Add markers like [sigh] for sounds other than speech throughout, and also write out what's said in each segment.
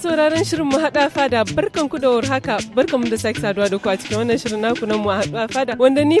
sauraron shirin mu fada barkan da da sake da ku wannan shirin naku na mu fada wanda ni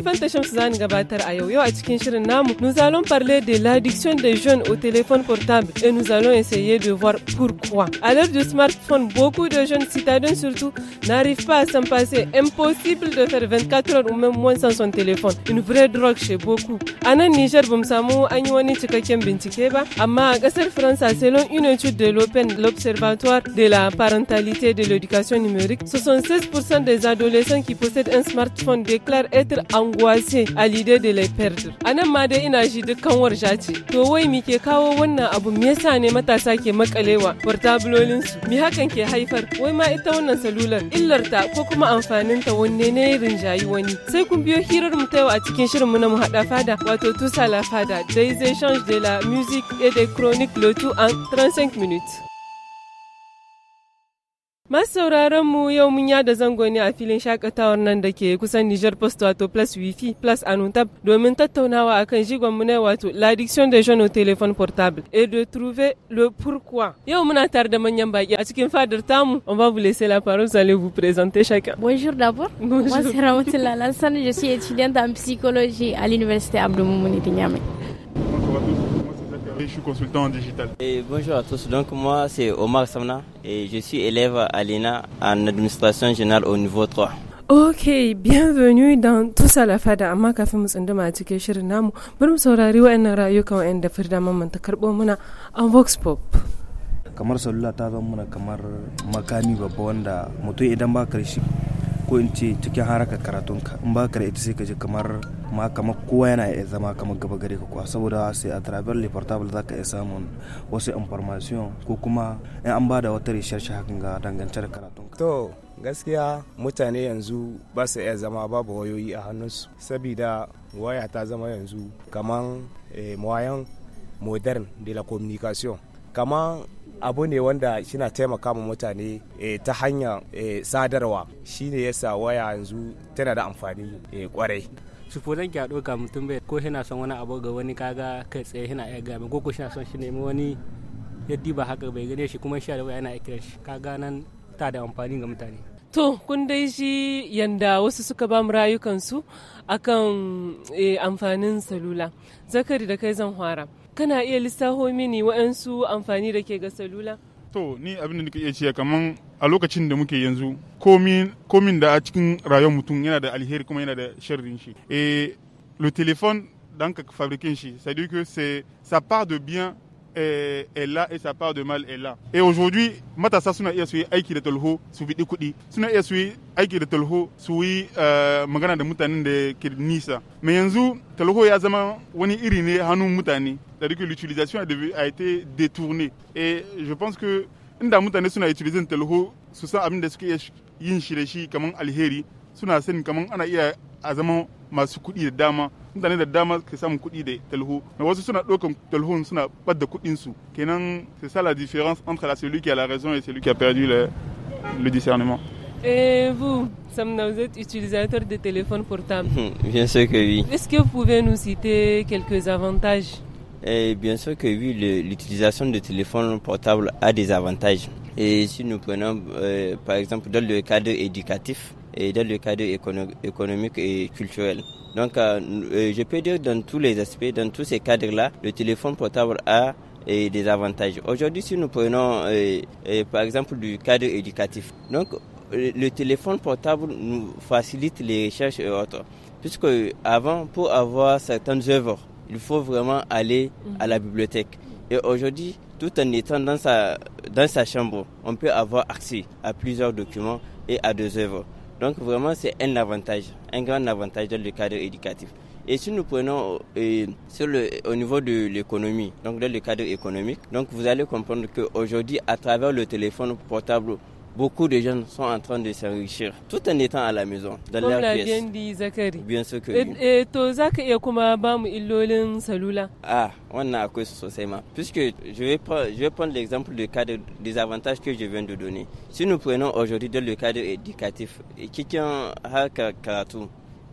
gabatar a yau yau a cikin shirin namu nous allons parler de l'addiction des jeunes au téléphone portable et nous allons essayer de voir pourquoi. À l'heure du smartphone, beaucoup de jeunes citadins surtout n'arrivent pas à s'en passer. Impossible de faire 24 heures ou même moins sans son téléphone. Une vraie drogue chez beaucoup. À Niger, bon samu an yi wani cikakken bincike ba, amma a kasar France selon une étude de l'Open l'Observatoire territoire de la parentalité de l'éducation numérique, 76% des adolescents qui possèdent un smartphone déclarent être angoissés à l'idée de les perdre. A ma dai ina ji dukkan warja ce. To wai mi ke kawo wannan abu me yasa ne matasa ke makalewa su. Mi hakan ke haifar? Wai ma ita wannan salular ta ko kuma ta wanne ne rinjayi wani? Sai kun biyo hirar mu ta yau a cikin shirin mu na mu hada fada wato tusa la fada des change de la musique et des chroniques le tout en 35 minutes. sauraron mu yau mun yada zango ne a filin shakatawar nan da ke kusan Niger Post wato plus wifi plus anuntab domin tattaunawa akan jigon mu ne wato l'addiction des jeunes au téléphone portable et de trouver le pourquoi. Yau muna tare da manyan baki a cikin fadar tamu. On va vous laisser la parole, vous allez vous présenter chacun. Bonjour d'abord. Bonjour. Moi c'est Ramatoula Lansane, je suis étudiante en psychologie à l'université Abdou Moumouni de Niamey. Bonjour à tous et je suis consultant en digital. Et bonjour à tous, donc moi c'est Omar Samna et je suis élève à l'ENA en administration générale au niveau 3. Ok, bienvenue dans Tous ça la Fada, amma kafin mu tsunduma a cikin shirin namu, bari mu saurari wa'annan rayuka wa'anda Firda Mamman ta muna a Vox Pop. Kamar salula ta zama mana kamar makami babba wanda mutum idan ba karshe ko in ce cikin harakar karatunka in ba ka da ita sai ka je kamar ma kamar kowa yana iya zama kamar gaba gare ka kuwa saboda sai a travel le portable za ka iya samun wasu information ko kuma in an ba da wata research hakan ga dangance da karatunka. To gaskiya mutane yanzu ba su iya zama babu wayoyi a hannunsu sabida waya ta zama yanzu kamar moyan eh, modern de la communication kamar abu ne wanda shina taimaka ma mutane eh, ta hanyar eh, sadarwa shine yasa waya yanzu tana da amfani eh, kwarai sufonan ki a ɗauka mutum bai ko yana son wani abu ga wani kaga kai tsaye yana iya gami ko ko shi son shi nemi wani yadda ba haka bai gane shi kuma shi da waya yana iya shi kaga nan ta da amfani ga mutane To, kun dai shi yanda wasu suka ba mu rayukansu akan amfanin salula. Zakari da kai zan fara. kana iya lissaho mini wa'ansu amfani da ke ga salula to ni abin da nake iya cewa kaman a lokacin da muke yanzu komin da a cikin rayuwar mutum yana da alheri kuma yana da sharrin shi E, le téléphone ka fabriquer shi c'est dire que sa part de bien est, eh, là et sa part de mal est là. Et aujourd'hui, matasa suna iya su aiki da talho su fiɗi kuɗi, suna iya su aiki da talho su yi eh, magana da mutanen da ke nisa. Mai yanzu talho ya zama wani iri ne hannun mutane. C'est-à-dire que l'utilisation a, été détournée. Et je pense que inda on a utilisé un tel su san abin da suke yin shi da on a alheri suna sanin kamar ana iya a zama masu kuɗi da dama des da dama ke samun kuɗi da talho mais wasu suna ɗaukan talhon suna ɓadda kuɗin su kenan c'est ça la différence entre la celui qui a la raison et celui qui a perdu le, le discernement et vous, Samna, vous êtes utilisateur de téléphone portable hum, Bien sûr que oui. Est-ce que vous pouvez nous citer quelques avantages bien sûr que oui, l'utilisation de téléphone portable a des avantages. Et si nous prenons euh, par exemple dans le cadre éducatif et dans le cadre économique et culturel. Donc euh, euh, je peux dire dans tous les aspects, dans tous ces cadres-là, le téléphone portable a des avantages. Aujourd'hui, si nous prenons par exemple du cadre éducatif, donc le téléphone portable nous facilite les recherches et autres. Puisque avant, pour avoir certaines œuvres, il faut vraiment aller à la bibliothèque. Et aujourd'hui, tout en étant dans sa, dans sa chambre, on peut avoir accès à plusieurs documents et à deux œuvres. Donc vraiment, c'est un avantage, un grand avantage dans le cadre éducatif. Et si nous prenons euh, sur le, au niveau de l'économie, donc dans le cadre économique, donc vous allez comprendre qu'aujourd'hui, à travers le téléphone portable, beaucoup de jeunes sont en train de s'enrichir tout en étant à la maison, dans Comme leur la pièce. Bien, dit Zachary. bien sûr que et, oui. Et toi, zaka iya kuma ba mu illolin salula. Ah, wannan akwai su sosai ma. Puisque je vais prendre, je vais prendre l'exemple du cadre des avantages que je viens de donner. Si nous prenons aujourd'hui dans le cadre éducatif, quelqu'un a karatu.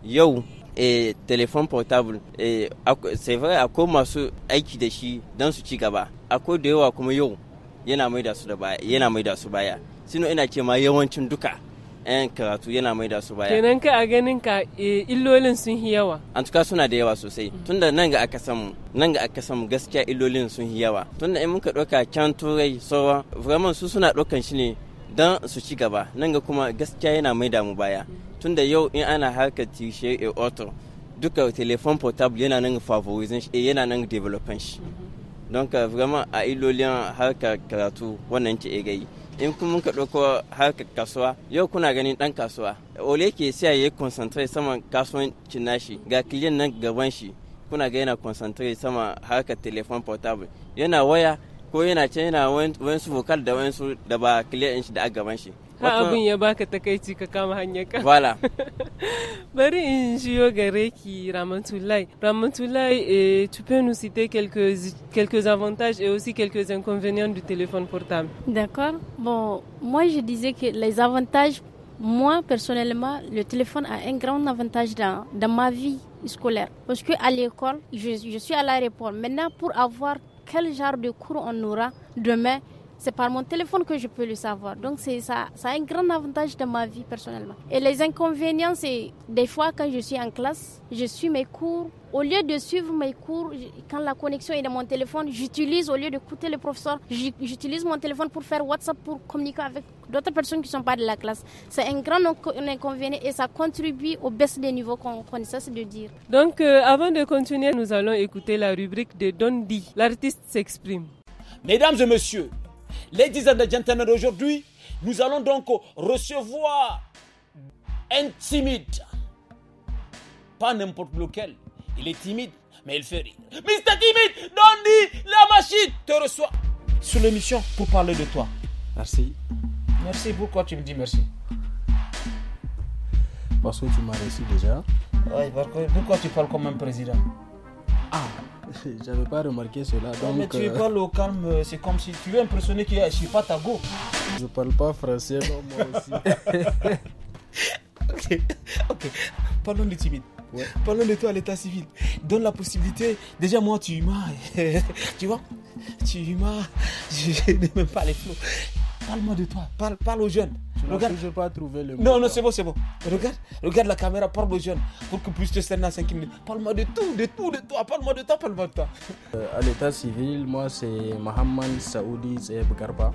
Yau et téléphone portable et c'est vrai akwai masu aiki da shi don su ci gaba akwai da yawa kuma yau yana mai da su da baya yana mai su baya sino ina ce ma yawancin duka 'yan karatu yana mai da su baya kenan ka a ganin ka eh, illolin sun yi yawa an tuka suna da yawa sosai mm. tunda nan ga aka samu nan ga aka samu gaskiya illolin sun yi yawa tunda in muka ɗauka kyan turai sowa vraiment su suna ɗaukan shi ne don su ci gaba nan ga kuma gaskiya yana mai da mu baya mm. tunda yau in ana harkar tishe a e auto duka telefon portable yana nan favorizing shi eh, yana nan developing shi mm-hmm. don ka vraiment a illolin harkar karatu wannan ce gai in kuma ka ɗauko harkar kasuwa yau kuna ganin ɗan kasuwa ole ke siya ya yi konsantare sama kasuwancin nashi ga kiliyan nan gaban shi kuna ga yana konsantare sama harkar telefon portable yana waya ko yana can yana wani su vocal da wani su da ba kiliyan shi da gaban shi ha ya baka ka [laughs] kama hanyar eh, tu peux nous citer quelques quelques avantages et aussi quelques inconvénients du téléphone portable d'accord bon moi je disais que les avantages moi personnellement le téléphone a un grand avantage dans, dans ma vie scolaire parce que à l'école je, je suis à l'aéroport maintenant pour avoir quel genre de cours on aura demain c'est par mon téléphone que je peux le savoir. Donc c'est ça, a un grand avantage dans ma vie personnellement. Et les inconvénients, c'est des fois quand je suis en classe, je suis mes cours. Au lieu de suivre mes cours, quand la connexion est dans mon téléphone, j'utilise, au lieu d'écouter le professeur, j'utilise mon téléphone pour faire WhatsApp, pour communiquer avec d'autres personnes qui ne sont pas de la classe. C'est un grand inconvénient et ça contribue au baisse des niveaux qu'on ça c'est de dire. Donc euh, avant de continuer, nous allons écouter la rubrique de Dondi. L'artiste s'exprime. Mesdames et messieurs, Ladies and gentlemen, aujourd'hui, nous allons donc recevoir un timide. Pas n'importe lequel. Il est timide, mais il fait rire. Mr. Timide, Dandy, la machine te reçoit sur l'émission pour parler de toi. Merci. Merci, pourquoi tu me dis merci Parce que tu m'as reçu déjà. Oui, pourquoi tu parles comme un président Ah, [laughs] J'avais pas remarqué cela. Donc, mais tu parles euh, au calme, euh, c'est comme si tu veux impressionner qu'il pas ta go Je parle pas français, non, moi aussi. [laughs] ok, ok. Parlons de timide. Parlons de toi à l'état civil. Donne la possibilité. Déjà, moi, tu humain [laughs] tu vois Tu humain Je n'aime même pas les flots. Parle-moi de toi. Parle, parle aux jeunes. Je regarde. vais pas trouver le mot. Non, non, c'est bon, c'est bon. Regarde, regarde la caméra, parle aux jeunes pour que puisse te servir dans 5 minutes. Parle-moi de tout, de tout, de toi. Parle-moi de toi, parle-moi de toi. Euh, à l'état civil, moi, c'est Mohamed Saoudi Zeb Garba.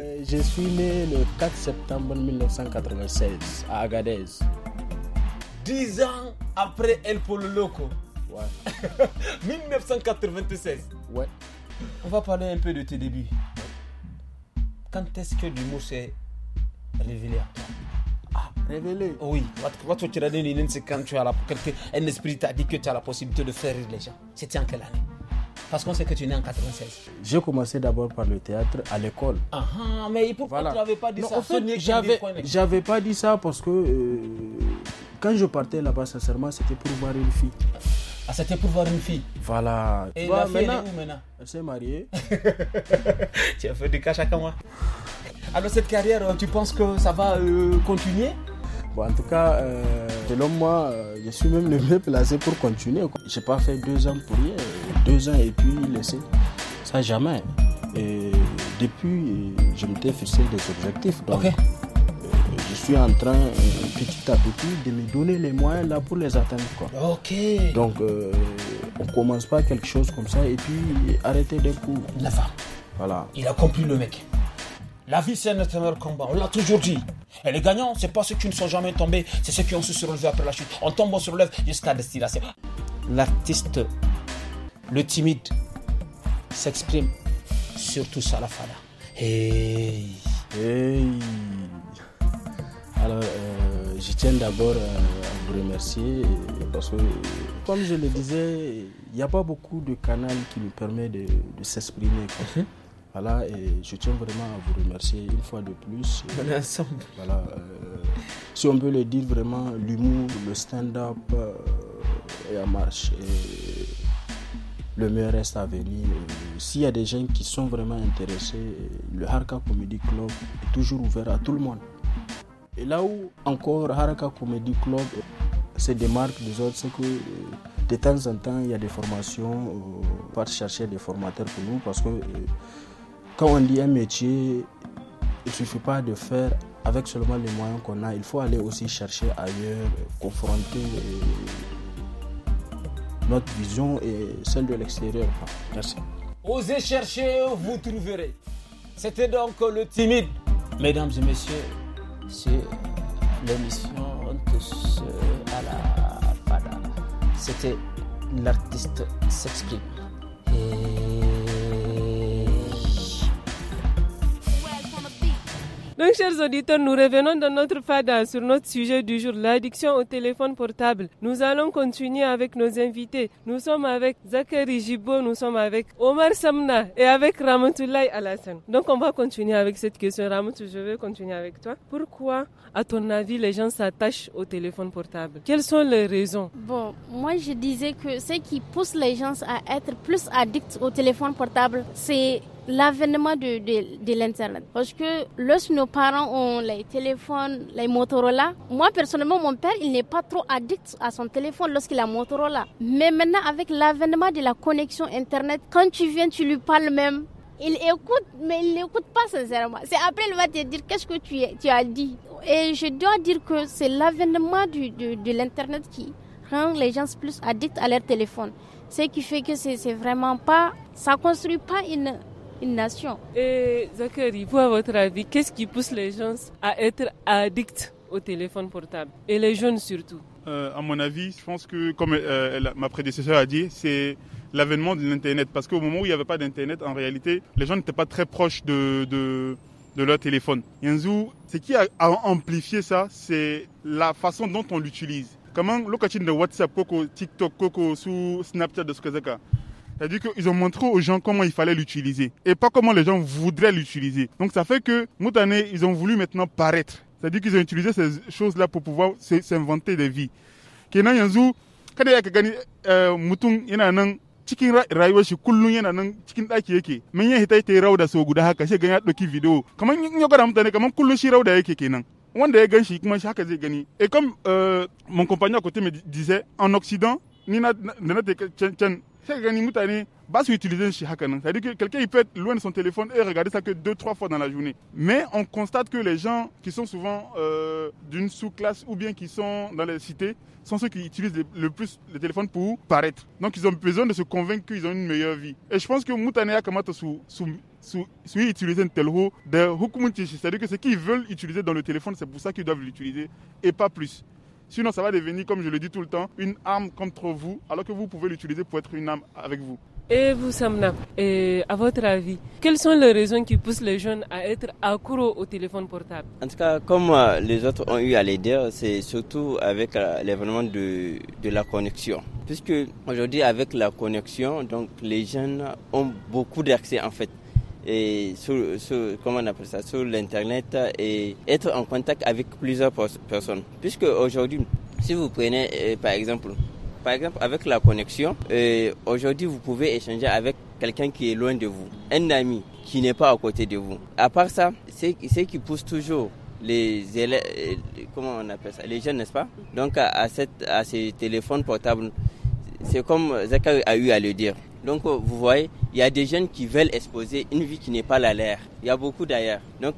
Euh, je suis né le 4 septembre 1996 à Agadez. 10 ans après El Polo Loco. Ouais. 1996. [laughs] Ouais. On va parler un peu de tes débuts quand est-ce que l'humour s'est révélé à toi ah, révélé Oui. quand tu as la, un esprit t'a dit que tu as la possibilité de faire rire les gens. C'était en quelle année parce qu'on sait que tu es né en 96. J'ai commencé d'abord par le théâtre à l'école. Ah, ah mais pourquoi tu n'avais pas dit non, ça en fait, j'avais, j'avais pas dit ça parce que euh, quand je partais là-bas, sincèrement, c'était pour voir une fille. Ah, c'était pour voir une fille. Voilà. Et maintenant, elle maintenant Elle s'est mariée. [laughs] tu as fait du cash à moi. Alors, cette carrière, euh, tu penses que ça va euh, continuer Bon, en tout cas, euh, selon moi, je suis même le mieux placé pour continuer. Je n'ai pas fait deux ans pour rien. Deux ans et puis laisser. Ça, jamais. Et depuis, je suis fixé des objectifs je suis en train euh, petit à petit de me donner les moyens là pour les atteindre. Ok. Donc euh, on commence pas quelque chose comme ça et puis arrêter d'un coup. La fin. Voilà. Il a compris le mec. La vie c'est un combat, on l'a toujours dit. Et les gagnants, c'est pas ceux qui ne sont jamais tombés, c'est ceux qui ont se surlevé après la chute. On tombe, on se relève jusqu'à destination. L'artiste, le timide, s'exprime sur tout ça la Hey. Hey. Alors, euh, je tiens d'abord euh, à vous remercier euh, parce que, comme je le disais, il n'y a pas beaucoup de canaux qui nous permettent de, s'exprimer. Mhm. Voilà, et je tiens vraiment à vous remercier une fois de plus. On est ensemble. Voilà, si on peut le dire vraiment, l'humour, le stand-up est en marche. Et le meilleur reste à venir. S'il y a des gens qui sont vraiment intéressés, le Harka Comedy Club est toujours ouvert à tout le monde. Et là où encore Haraka Comedy Club se démarque des autres, c'est que euh, de temps en temps, il y a des formations, on euh, va chercher des formateurs pour nous parce que euh, quand on dit un métier, il ne suffit pas de faire avec seulement les moyens qu'on a, il faut aller aussi chercher ailleurs, confronter notre vision et celle de l'extérieur. Merci. Osez chercher, vous trouverez. C'était donc le timide. Mesdames et messieurs, sur l'émission de à la Fada. C'était l'artiste s'exprime. Donc, chers auditeurs, nous revenons dans notre fada sur notre sujet du jour, l'addiction au téléphone portable. Nous allons continuer avec nos invités. Nous sommes avec Zachary Gibo, nous sommes avec Omar Samna et avec Ramatoulaye Alassane. Donc, on va continuer avec cette question. Ramatou, je vais continuer avec toi. Pourquoi, à ton avis, les gens s'attachent au téléphone portable Quelles sont les raisons Bon, moi, je disais que ce qui pousse les gens à être plus addicts au téléphone portable, c'est l'avènement de, de, l'Internet. Parce que lorsque nos parents ont les téléphones, les Motorola, moi personnellement, mon père, il n'est pas trop addict à son téléphone lorsqu'il a Motorola. Mais maintenant, avec l'avènement de la connexion Internet, quand tu viens, tu lui parles même il écoute, mais il n'écoute pas sincèrement. C'est après, il va te dire qu'est-ce que tu, tu, as dit. Et je dois dire que c'est l'avènement de, de l'Internet qui rend les gens plus addicts à leur téléphone. Ce qui fait que c'est vraiment pas, ça construit pas une une nation. Et Zakari, pour votre avis, qu'est-ce qui pousse les gens à être addicts au téléphone portable et les jeunes surtout euh, À mon avis, je pense que, comme euh, ma prédécesseur a dit, c'est l'avènement de l'Internet. Parce qu'au moment où il n'y avait pas d'Internet, en réalité, les gens n'étaient pas très proches de, de, leur téléphone. Yanzu, ce qui a, amplifié ça, c'est la façon dont on l'utilise. Comment, l'occasion de WhatsApp coco, TikTok coco, sous Snapchat de que zaka c'est-à-dire qu'ils ont montré aux gens comment il fallait l'utiliser et pas comment les gens voudraient l'utiliser. Donc ça fait que Moutané, ils ont voulu maintenant paraître. C'est-à-dire qu'ils ont utilisé ces choses-là pour pouvoir s'inventer des vies. Kenan Yanzu, kada yakagani y a mutum yana nan cikin rayuwar shi kullum yana nan cikin daki yake mun rauda so guda haka shi gan ya dauki video kamar in ya gwada mutane kamar shi rauda yake kenan wanda ya gan zai gani et comme euh, mon compagnon à côté me disait en occident ni na da na c'est-à-dire que quelqu'un il peut être loin de son téléphone et regarder ça que deux trois fois dans la journée. Mais on constate que les gens qui sont souvent euh, d'une sous-classe ou bien qui sont dans les cités sont ceux qui utilisent le, plus le téléphone pour paraître. Donc ils ont besoin de se convaincre qu'ils ont une meilleure vie. Et je pense que mutane sous, utiliser un tel de c'est-à-dire que ce qu'ils veulent utiliser dans le téléphone, c'est pour ça qu'ils doivent l'utiliser et pas plus. Sinon, ça va devenir, comme je le dis tout le temps, une arme contre vous, alors que vous pouvez l'utiliser pour être une arme avec vous. Et vous, Samna, à votre avis, quelles sont les raisons qui poussent les jeunes à être accro au téléphone portable En tout cas, comme euh, les autres ont eu à l'aider, c'est surtout avec euh, l'événement de, de la connexion. Puisque aujourd'hui, avec la connexion, donc les jeunes ont beaucoup d'accès en fait et sur, comment on appelle ça, sur l'internet et être en contact avec plusieurs personnes. Puisque aujourd'hui, si vous prenez euh, par exemple, par exemple avec la connexion, euh, aujourd'hui vous pouvez échanger avec quelqu'un qui est loin de vous, un ami qui n'est pas à côté de vous. À part ça, c'est ce qui pousse toujours les élèves, euh, comment on appelle ça, les jeunes, n'est-ce pas Donc à, cette, à ces téléphones portables, c'est comme Zachary a eu à le dire. Donc euh, vous voyez, il y a des jeunes qui veulent exposer une vie qui n'est pas la leur. Il y a beaucoup d'ailleurs. Donc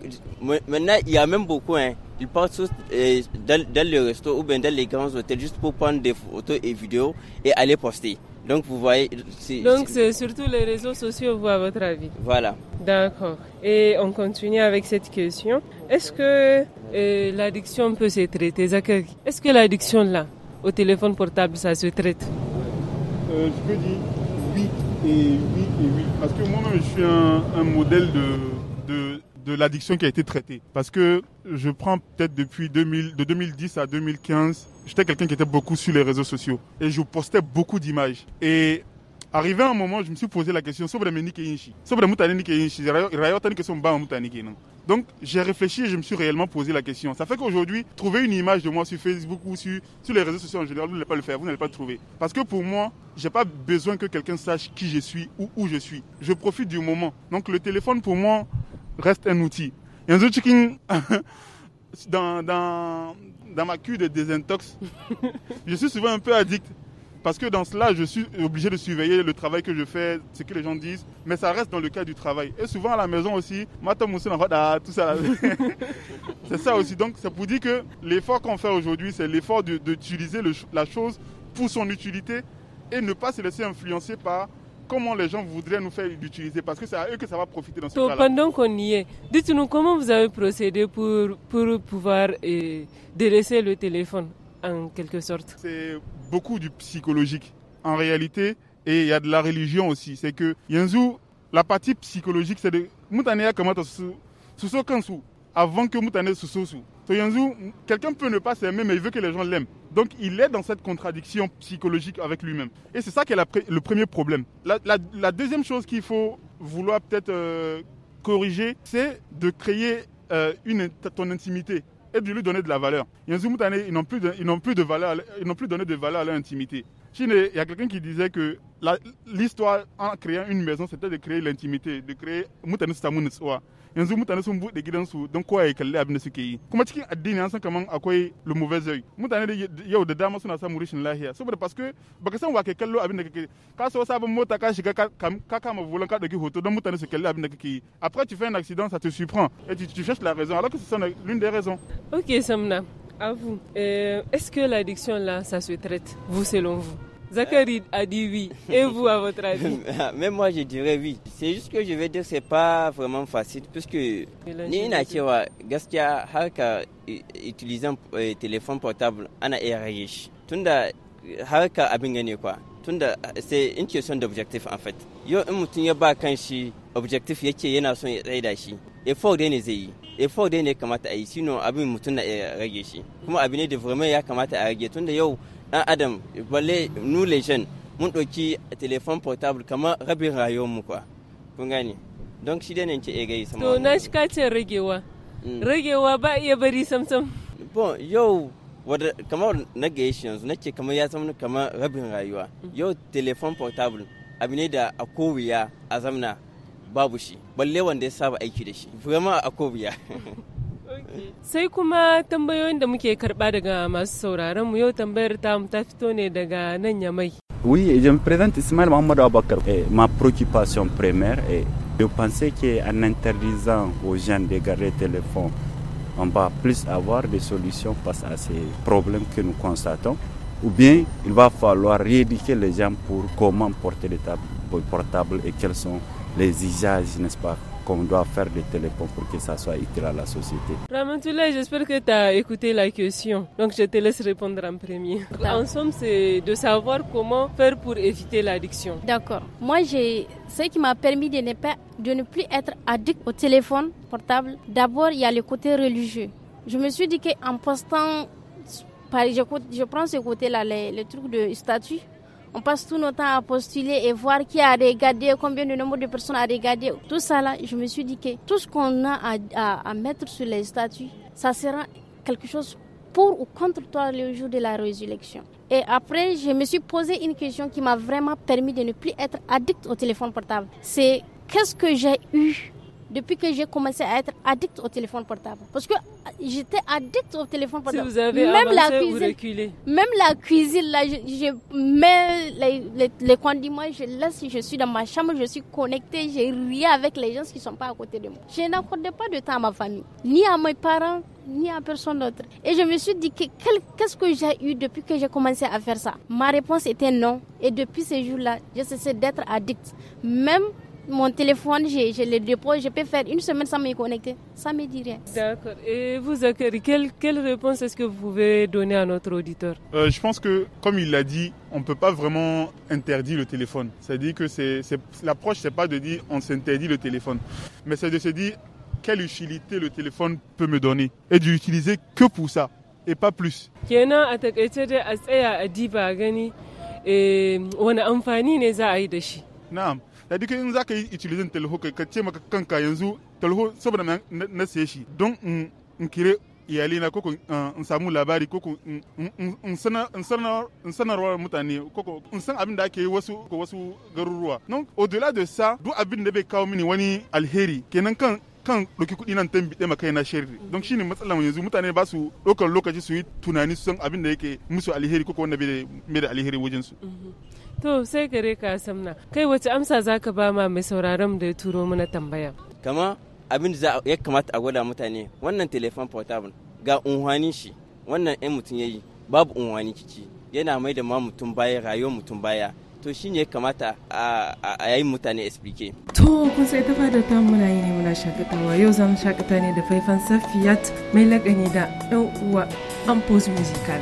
maintenant, il y a même beaucoup. Hein. Ils partent euh, dans, dans les restos ou dans les grands hôtels juste pour prendre des photos et vidéos et aller poster. Donc vous voyez. Donc c'est surtout les réseaux sociaux, vous, à votre avis. Voilà. D'accord. Et on continue avec cette question. Est-ce que euh, l'addiction peut se traiter, Est-ce que l'addiction là, au téléphone portable, ça se traite Je peux dire et oui, et oui. Parce que moi-même, je suis un, modèle de, de, de l'addiction qui a été traitée. Parce que je prends peut-être depuis 2000, de 2010 à 2015, j'étais quelqu'un qui était beaucoup sur les réseaux sociaux. Et je postais beaucoup d'images. Et arrivé un moment je me suis posé la question sobre donc j'ai réfléchi et je me suis réellement posé la question ça fait qu'aujourd'hui trouver une image de moi sur Facebook ou sur, les réseaux sociaux en général vous n'allez pas le faire vous n'allez pas le trouver parce que pour moi j'ai pas besoin que quelqu'un sache qui je suis ou où je suis je profite du moment donc le téléphone pour moi reste un outil [laughs] dans dans dans ma cure de désintox [laughs] je suis souvent un peu addict parce que dans cela, je suis obligé de surveiller le travail que je fais, ce que les gens disent, mais ça reste dans le cadre du travail. Et souvent à la maison aussi, ah, tout ça. [laughs] c'est ça aussi. Donc, c'est pour dire que l'effort qu'on fait aujourd'hui, c'est l'effort d'utiliser la chose pour son utilité et ne pas se laisser influencer par comment les gens voudraient nous faire l'utiliser parce que c'est à eux que ça va profiter dans ce cas-là. Pendant qu'on y est, dites-nous comment vous avez procédé pour, pour pouvoir euh, délaisser le téléphone en quelque sorte. C'est beaucoup du psychologique en réalité et il y a de la religion aussi. C'est que yanzu la partie psychologique c'est de mutane kamata sous avant que mutane soussou. quelqu'un peut ne pas s'aimer mais il veut que les gens l'aiment. Donc il est dans cette contradiction psychologique avec lui-même. Et c'est ça qui est le premier problème. La, deuxième chose qu'il faut vouloir peut-être euh, corriger, c'est de créer euh, une, ton intimité et de lui donner de la valeur. ils n'ont plus, plus de valeur, ils n'ont plus donné de valeur à leur intimité. il y a quelqu'un qui disait que l'histoire en créant une maison, c'était de créer l'intimité, de créer Moutané Stamoun yanzu mutane sun buɗe gidansu don kowa ya kalli abin da suke yi kuma cikin addini an san kaman akwai le mauvais oeil mutane da yau da dama suna samun rashin lahiya saboda parce baka san wa ke kallo abin da kake ka so sabon mota ka shiga ka kama volan ka dauki hoto don mutane su kalli abin da kake yi après tu fais un accident ça te surprend et tu, tu cherches la raison alors que c'est l'une des raisons OK Samna à vous euh, est-ce que l'addiction là ça se traite vous selon vous Zakari a dit oui. Et vous, à votre avis Mais [laughs] ah, moi, je dirais oui. C'est juste que je vais dire que ce n'est pas vraiment facile, puisque ni ina cewa gaskiya harka un euh, téléphone portable ana iya rage Tunda harka abin gane kwa. Tunda c'est une question d'objectif objective en fait. Yau in mutum ya ba kan shi objective yake yana son ya shi. Effort dai ne zai yi. effort dai ne kamata a yi sino abin mutum na iya rage shi. Kuma abin de vraiment ya kamata a rage tunda yo. dan ah, adam balle nu shan mun ɗauki telefon portable kamar rabin rayuwarmu kuwa kun gane don shi da ce e gai to na shi kacin ragewa mm. ragewa ba iya bari samsam bon yau wadda kamar na ga shi yanzu nake kamar ya zama kamar rabin rayuwa mm. yau telefon portable abu ne da a kowuya a zamna babu shi balle wanda ya saba aiki da shi vraiment a kowuya [laughs] Oui, je me présente Ma préoccupation première, est de penser qu'en interdisant aux gens de garder téléphone, on va plus avoir des solutions face à ces problèmes que nous constatons. Ou bien il va falloir rééduquer les gens pour comment porter le portable et quels sont les usages, n'est-ce pas, qu'on doit faire des téléphones pour que ça soit utile à la société. Ramantoulay, j'espère que tu as écouté la question. Donc je te laisse répondre en premier. En somme, c'est de savoir comment faire pour éviter l'addiction. D'accord. Moi, j'ai ce qui m'a permis de ne, pas, de ne plus être addict au téléphone portable. D'abord, il y a le côté religieux. Je me suis dit qu'en postant je, prends ce côté-là, le truc de statut. On passe tout notre temps à postuler et voir qui a regardé, combien de nombre de personnes a regardé. Tout ça là, je me suis dit que tout ce qu'on a à, à, mettre sur les statuts, ça sera quelque chose pour ou contre toi le jour de la résurrection. Et après, je me suis posé une question qui m'a vraiment permis de ne plus être addict au téléphone portable. C'est qu'est-ce que j'ai eu depuis que j'ai commencé à être addict au téléphone portable. Parce que euh, j'étais addict au téléphone portable. Si vous avez même la cuisine, Même la cuisine, là, je, mets les, condiments, je laisse, je suis dans ma chambre, je suis connectée, j'ai rien avec les gens qui ne sont pas à côté de moi. Je n'accordais pas de temps à ma famille, ni à mes parents, ni à personne d'autre. Et je me suis dit, qu'est-ce que j'ai eu depuis que j'ai commencé à faire ça Ma réponse était non. Et depuis ces jours-là, j'ai cessé d'être addict. Même mon téléphone, je, je, le dépose, je peux faire une semaine sans me connecter. Ça me dit rien. D'accord. Et vous, Akari, quelle, réponse est-ce que vous pouvez donner à notre auditeur euh, Je pense que, comme il l'a dit, on ne peut pas vraiment interdire le téléphone. C'est-à-dire que c'est, l'approche, c'est pas de dire on s'interdit le téléphone, mais c'est de se dire quelle utilité le téléphone peut me donner et de l'utiliser que pour ça et pas plus. Non. da duka in ka yi utilizin talho ka ce maka kanka yanzu talho saboda na siye shi don in kire iyalina ko eh, in samu labari ko in sanarwa mutane ko in san abin da ake yi wasu ko wasu garuruwa non odula da sa duk abin da bai kawo mini wani alheri kenan kan kan ɗauki kuɗi nan tan biɗe makai na sharri don shine matsalar yanzu mutane ba su ɗaukar lokaci su yi tunani su san abin da yake musu alheri ko wanda bai da alheri wajen su mm-hmm. To sai gare ka samna. Kai wace amsa za ka ba ma mai sauraron da ya turo mana tambaya? Kama abin da ya kamata a gwada mutane wannan telefon portable ga unhwanin shi wannan ɗan mutum ya yi babu unhwani ciki yana mai da ma mutum baya rayuwar mutum baya to shi ne kamata a yayin mutane SPK. To kun sai ta fadar ta muna yi ne muna shakatawa yau zan shakata ne da faifan Safiyat mai lagani da ɗan uwa Ampos Musical.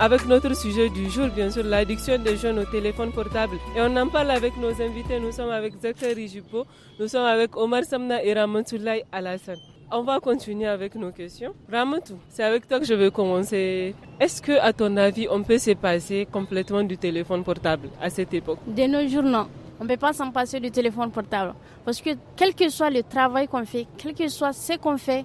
avec notre sujet du jour bien sûr l'addiction des jeunes au téléphone portable et on en parle avec nos invités nous sommes avec Zachary Jupo nous sommes avec Omar Samna et Ramatoulaye Alassane on va continuer avec nos questions. Ramatou, c'est avec toi que je vais commencer. Est-ce que, à ton avis, on peut se passer complètement du téléphone portable à cette époque De nos jours, non. On ne peut pas s'en passer du téléphone portable. Parce que, quel que soit le travail qu'on fait, quel que soit ce qu'on fait,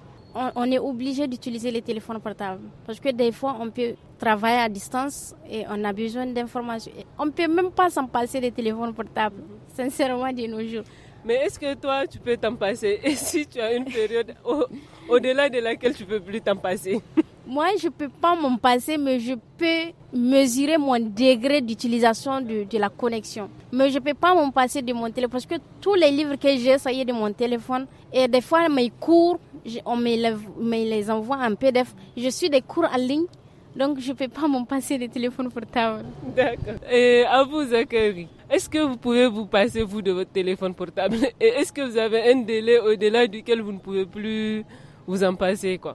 on, est obligé d'utiliser les téléphones portables. Parce que des fois, on peut travailler à distance et on a besoin d'informations. On ne peut même pas s'en passer des téléphones portables, sincèrement, de nos jours. Mais est-ce que toi, tu peux t'en passer [laughs] Et si tu as une période au-delà de laquelle tu peux plus t'en passer [laughs] Moi, je ne peux pas m'en passer, mais je peux mesurer mon degré d'utilisation de, la connexion. Mais je ne peux pas m'en passer de mon téléphone parce que tous les livres que j'ai, ça y est, de mon téléphone. Et des fois, mes cours, on me les, les envoie en PDF. Je suis des cours en ligne. Donc, je ne peux pas m'en passer de téléphone portable. D'accord. Et à vous, Zachary, est-ce que vous pouvez vous passer, vous, de votre téléphone portable Et est-ce que vous avez un délai au-delà duquel vous ne pouvez plus vous en passer, quoi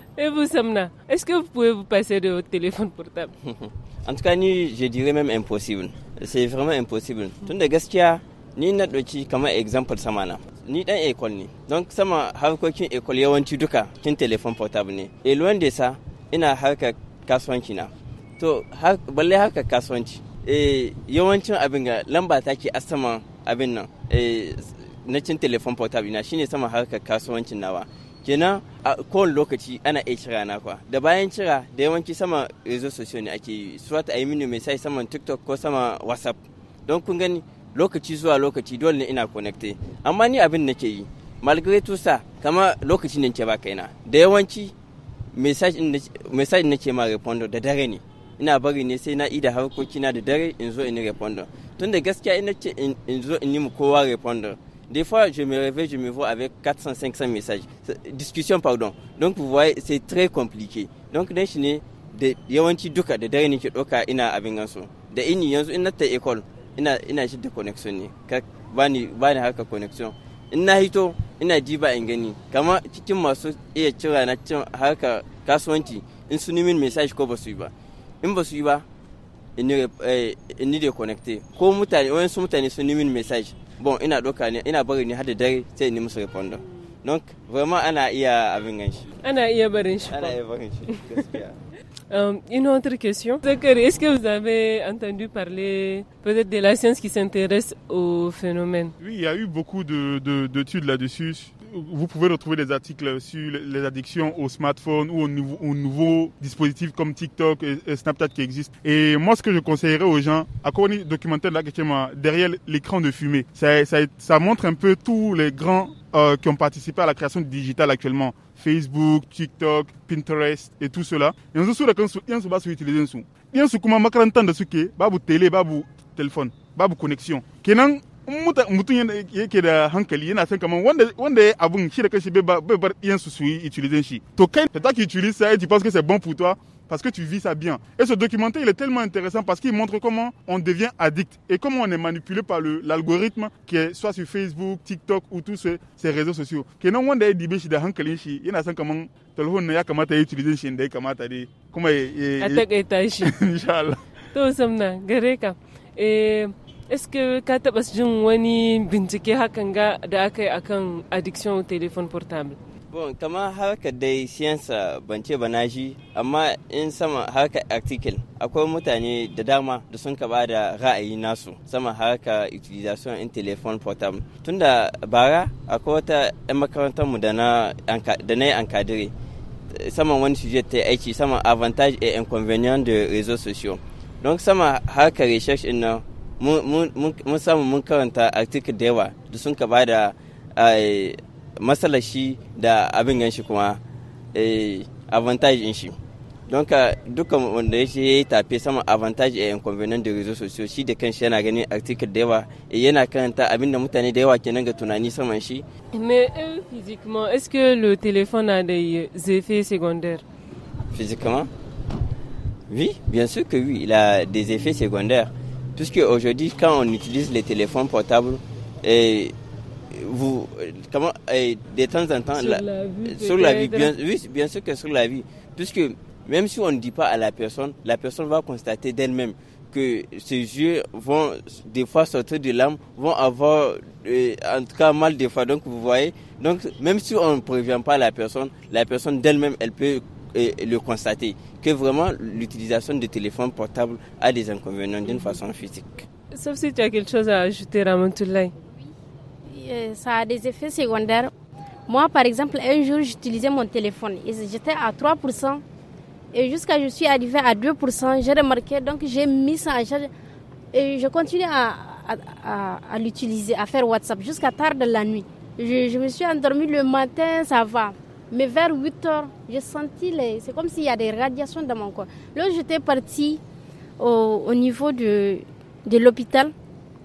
Et vous, Samna, est-ce que vous pouvez vous passer de votre téléphone portable [laughs] En tout cas, je dirais même impossible. C'est vraiment impossible. Hmm. Tun da gaskiya ni na ɗauki kamar exemple. sama na. Ni une école ne. Donc sama harkokin école y a un téléphone portable Et loin de ça, il y a un To, balle harkar y un casse abin Et Il y a saman abin nan. un eh, téléphone portable na un casse un china wa. kenan a kowane lokaci ana iya cira na kwa da bayan cira da yawanci sama rezo ne ake yi su wata ayi mini mai sai saman tiktok ko sama whatsapp don kun gani lokaci zuwa lokaci dole ne ina connecte amma ni abin nake yi malgare tusa kama lokaci ne ke ba ina da yawanci message nake ma responder da dare ne ina bari ne sai na ida harkokina da dare in zo in tun da gaskiya in ce in zo in yi mu kowa responder Des fois, je me réveille, je me vois avec 400, 500 messages. Discussion, pardon. Donc, vous voyez, c'est très compliqué. Donc, dan shi ne da yawanci duka da dare nake doka ina abin gansu. Da ini yanzu in na ta ecole ina ina shi da connection ne. Ka bani bani haka connection. In na hito ina diba in gani. Kama cikin masu iya cira na cin haka kasuwanci in su min message ko basu yi ba. In basu yi ba in ni eh, de connecté ko mutane su mutane sun min message bon ina a ne ina bari ne har da dare sai musu donc vraiment ana iya abin ganshi ana iya barin shi ana iya barin shi [laughs] Um, une autre question. Est-ce que vous avez entendu parler peut-être de la science qui s'intéresse au phénomène Oui, il y a eu beaucoup d'études de, de, là-dessus vous pouvez retrouver des articles sur les addictions au smartphone ou aux, nouveaux dispositifs comme TikTok et, Snapchat qui existent. Et moi, ce que je conseillerais aux gens, à quoi documentaire là que derrière l'écran de fumée, ça, montre un peu tous les grands euh, qui ont participé à la création du digital actuellement. Facebook, TikTok, Pinterest et tout cela. Et Yanzu sur l'utilisation. Et se se su utiliser su. Yansu kuma ce da suke babu télé babu téléphone, babu connexion mutum yake da hankali yana san kaman wanda ya abun shi da kashi bai bar iyansu su yi utiliser shi to kai ta taki utilises ça et tu penses que c'est bon pour toi parce que tu vis ça bien. Et ce documentaire, il est tellement intéressant parce qu'il montre comment on devient addict et comment on est manipulé par le l'algorithme qui est soit sur Facebook, TikTok ou tous ces, ces réseaux sociaux. Que non wanda ya dibe shi da hankalin shi yana san kaman telefon ne ya kamata ya utilize shi da ya kamata dai kuma ya a takaita shi insha Allah. To samna gare ka. Eh est-ce ka taɓa jin wani bincike hakan ga da aka yi akan addiction telephone portable? Bon, kama haka dai siyansa ban ce ba na shi, amma in sama haka article akwai mutane da dama da sun kaba da ra'ayi nasu sama haka utilization in telephone portable. Tunda bara akwai wata 'yan makarantarmu da na ankadire sama wani sujet ta aiki sama avantage et inconvénient de réseaux sociaux. Donc sama haka research in nan mun samu mun karanta article da yawa da sun ka bada eh, matsalashi da abin ganshi kuma eh, avantage in shi don ka dukkan wanda ya yi tafe sama avantage a inconvenient da rezo sosio shi da shi yana ganin article da yawa eh, yana karanta abin da mutane da yawa kenan ga tunani saman shi mais euh, physiquement est-ce que le téléphone a des effets secondaires physiquement oui bien sûr que oui il a des effets secondaires Puisque aujourd'hui, quand on utilise les téléphones portables, vous, comment, de temps en temps, sur la, vie, oui, bien sûr que sur la vie. Puisque même si on ne dit pas à la personne, la personne va constater d'elle-même que ces yeux vont des fois sortir de l'âme, vont avoir euh, en tout cas mal des fois. Donc vous voyez, donc même si on ne prévient pas la personne, la personne d'elle-même, elle peut et le constater que vraiment l'utilisation de téléphones portables a des inconvénients d'une façon physique. Sauf si tu as quelque chose à ajouter, là. Oui, euh, ça a des effets secondaires. Moi, par exemple, un jour, j'utilisais mon téléphone et j'étais à 3%. Et jusqu'à je suis arrivé à 2%, j'ai remarqué, donc j'ai mis ça en charge. Et je continue à, l'utiliser, à faire WhatsApp jusqu'à tard de la nuit. Je, je me suis endormi le matin, ça va. Mais vers 8 heures, j'ai senti les. C'est comme s'il y a des radiations dans mon corps. Lorsque j'étais partie au, au, niveau de, de l'hôpital.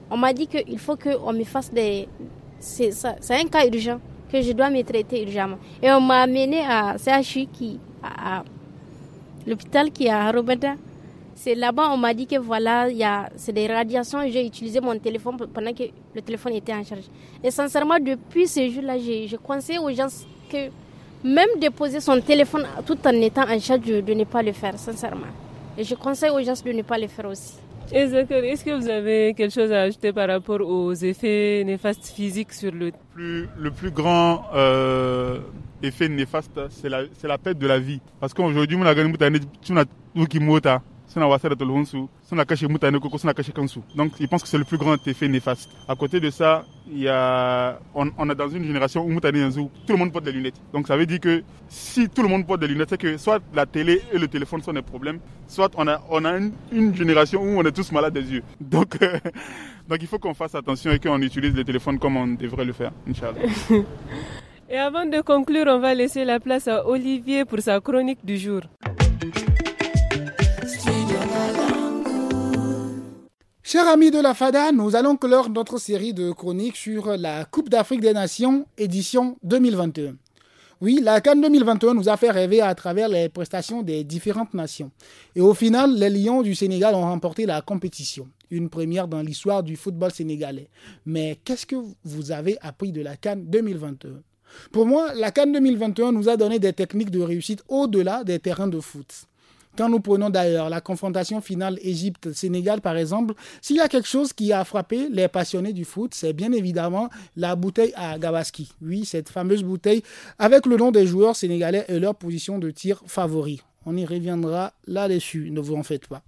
On m'a dit qu'il faut qu'on me fasse des. C'est un cas urgent, que je dois me traiter urgentement. Et on m'a amené à CHU, qui, à, l'hôpital qui est à Robeda. C'est là-bas, on m'a dit que voilà, il y a, c'est des radiations. J'ai utilisé mon téléphone pendant que le téléphone était en charge. Et sincèrement, depuis ce jour-là, j'ai, je aux gens que même déposer son téléphone tout en étant en charge de, ne pas le faire, sincèrement. Et je conseille aux gens de ne pas le faire aussi. Est-ce que vous avez quelque chose à ajouter par rapport aux effets néfastes physiques sur le... Plus, le plus grand euh, effet néfaste, c'est la, la, perte de la vie. Parce qu'aujourd'hui, on a gagné donc il pense que c'est le plus grand effet néfaste à côté de ça il y a on, on est dans une génération où tout le monde porte des lunettes donc ça veut dire que si tout le monde porte des lunettes c'est que soit la télé et le téléphone sont des problèmes soit on a on a une, génération où on est tous malades des yeux [laughs] donc euh, donc il faut qu'on fasse attention et qu'on utilise les téléphones comme on devrait le faire inchallah [laughs] Et avant de conclure, on va laisser la place à Olivier pour sa chronique du jour. Chers amis de la FADA, nous allons clore notre série de chroniques sur la Coupe d'Afrique des Nations, édition 2021. Oui, la Cannes 2021 nous a fait rêver à travers les prestations des différentes nations. Et au final, les Lions du Sénégal ont remporté la compétition, une première dans l'histoire du football sénégalais. Mais qu'est-ce que vous avez appris de la Cannes 2021 Pour moi, la Cannes 2021 nous a donné des techniques de réussite au-delà des terrains de foot. Quand nous prenons d'ailleurs la confrontation finale Égypte-Sénégal, par exemple, s'il y a quelque chose qui a frappé les passionnés du foot, c'est bien évidemment la bouteille à Gabaski. Oui, cette fameuse bouteille avec le nom des joueurs sénégalais et leur position de tir favori. On y reviendra là-dessus, ne vous en faites pas.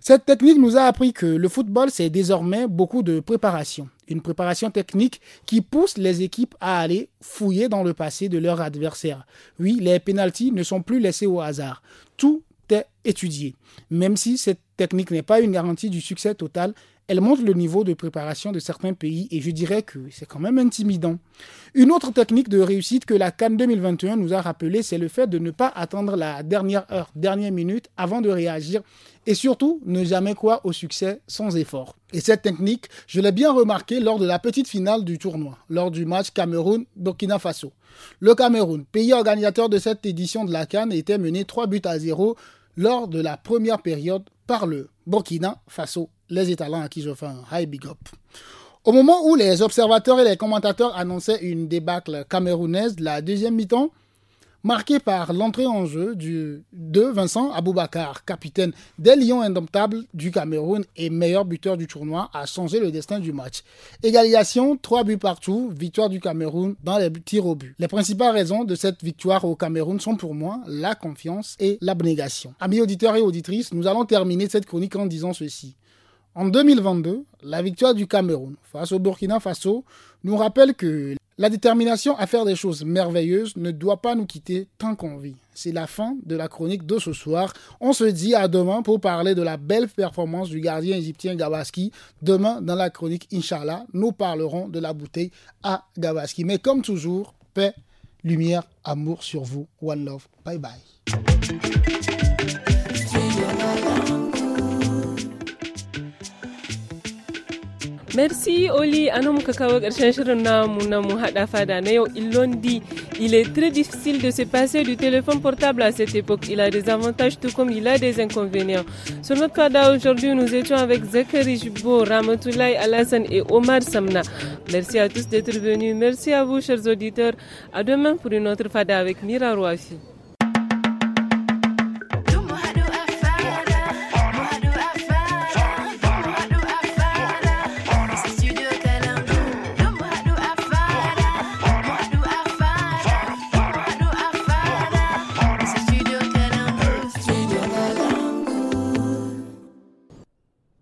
Cette technique nous a appris que le football, c'est désormais beaucoup de préparation. Une préparation technique qui pousse les équipes à aller fouiller dans le passé de leur adversaire. Oui, les pénalties ne sont plus laissés au hasard. Tout était Même si cette technique n'est pas une garantie du succès total, elle montre le niveau de préparation de certains pays et je dirais que c'est quand même intimidant. Une autre technique de réussite que la Cannes 2021 nous a rappelée, c'est le fait de ne pas attendre la dernière heure, dernière minute avant de réagir et surtout ne jamais croire au succès sans effort. Et cette technique, je l'ai bien remarqué lors de la petite finale du tournoi, lors du match Cameroun-Burkina Faso. Le Cameroun, pays organisateur de cette édition de la Cannes, était mené 3 buts à 0 lors de la première période par le Burkina Faso, les étalons à qui je fais un high big up. Au moment où les observateurs et les commentateurs annonçaient une débâcle camerounaise, la deuxième mi-temps, marqué par l'entrée en jeu de Vincent Aboubakar, capitaine des Lions indomptables du Cameroun et meilleur buteur du tournoi, a changé le destin du match. Égalisation, trois buts partout, victoire du Cameroun dans les tirs au but. Les principales raisons de cette victoire au Cameroun sont pour moi la confiance et l'abnégation. Amis auditeurs et auditrices, nous allons terminer cette chronique en disant ceci. En 2022, la victoire du Cameroun face au Burkina Faso nous rappelle que la détermination à faire des choses merveilleuses ne doit pas nous quitter tant qu'on vit. C'est la fin de la chronique de ce soir. On se dit à demain pour parler de la belle performance du gardien égyptien Gabaski. Demain, dans la chronique Inch'Allah, nous parlerons de la bouteille à Gabaski. Mais comme toujours, paix, lumière, amour sur vous. One love. Bye bye. Merci Oli, Il est très difficile de se passer du téléphone portable à cette époque. Il a des avantages tout comme il a des inconvénients. Sur notre fada aujourd'hui, nous étions avec Zachary Jibbo, Ramatoulaye Alassane et Omar Samna. Merci à tous d'être venus. Merci à vous, chers auditeurs. À demain pour une autre fada avec Mira Rouafi.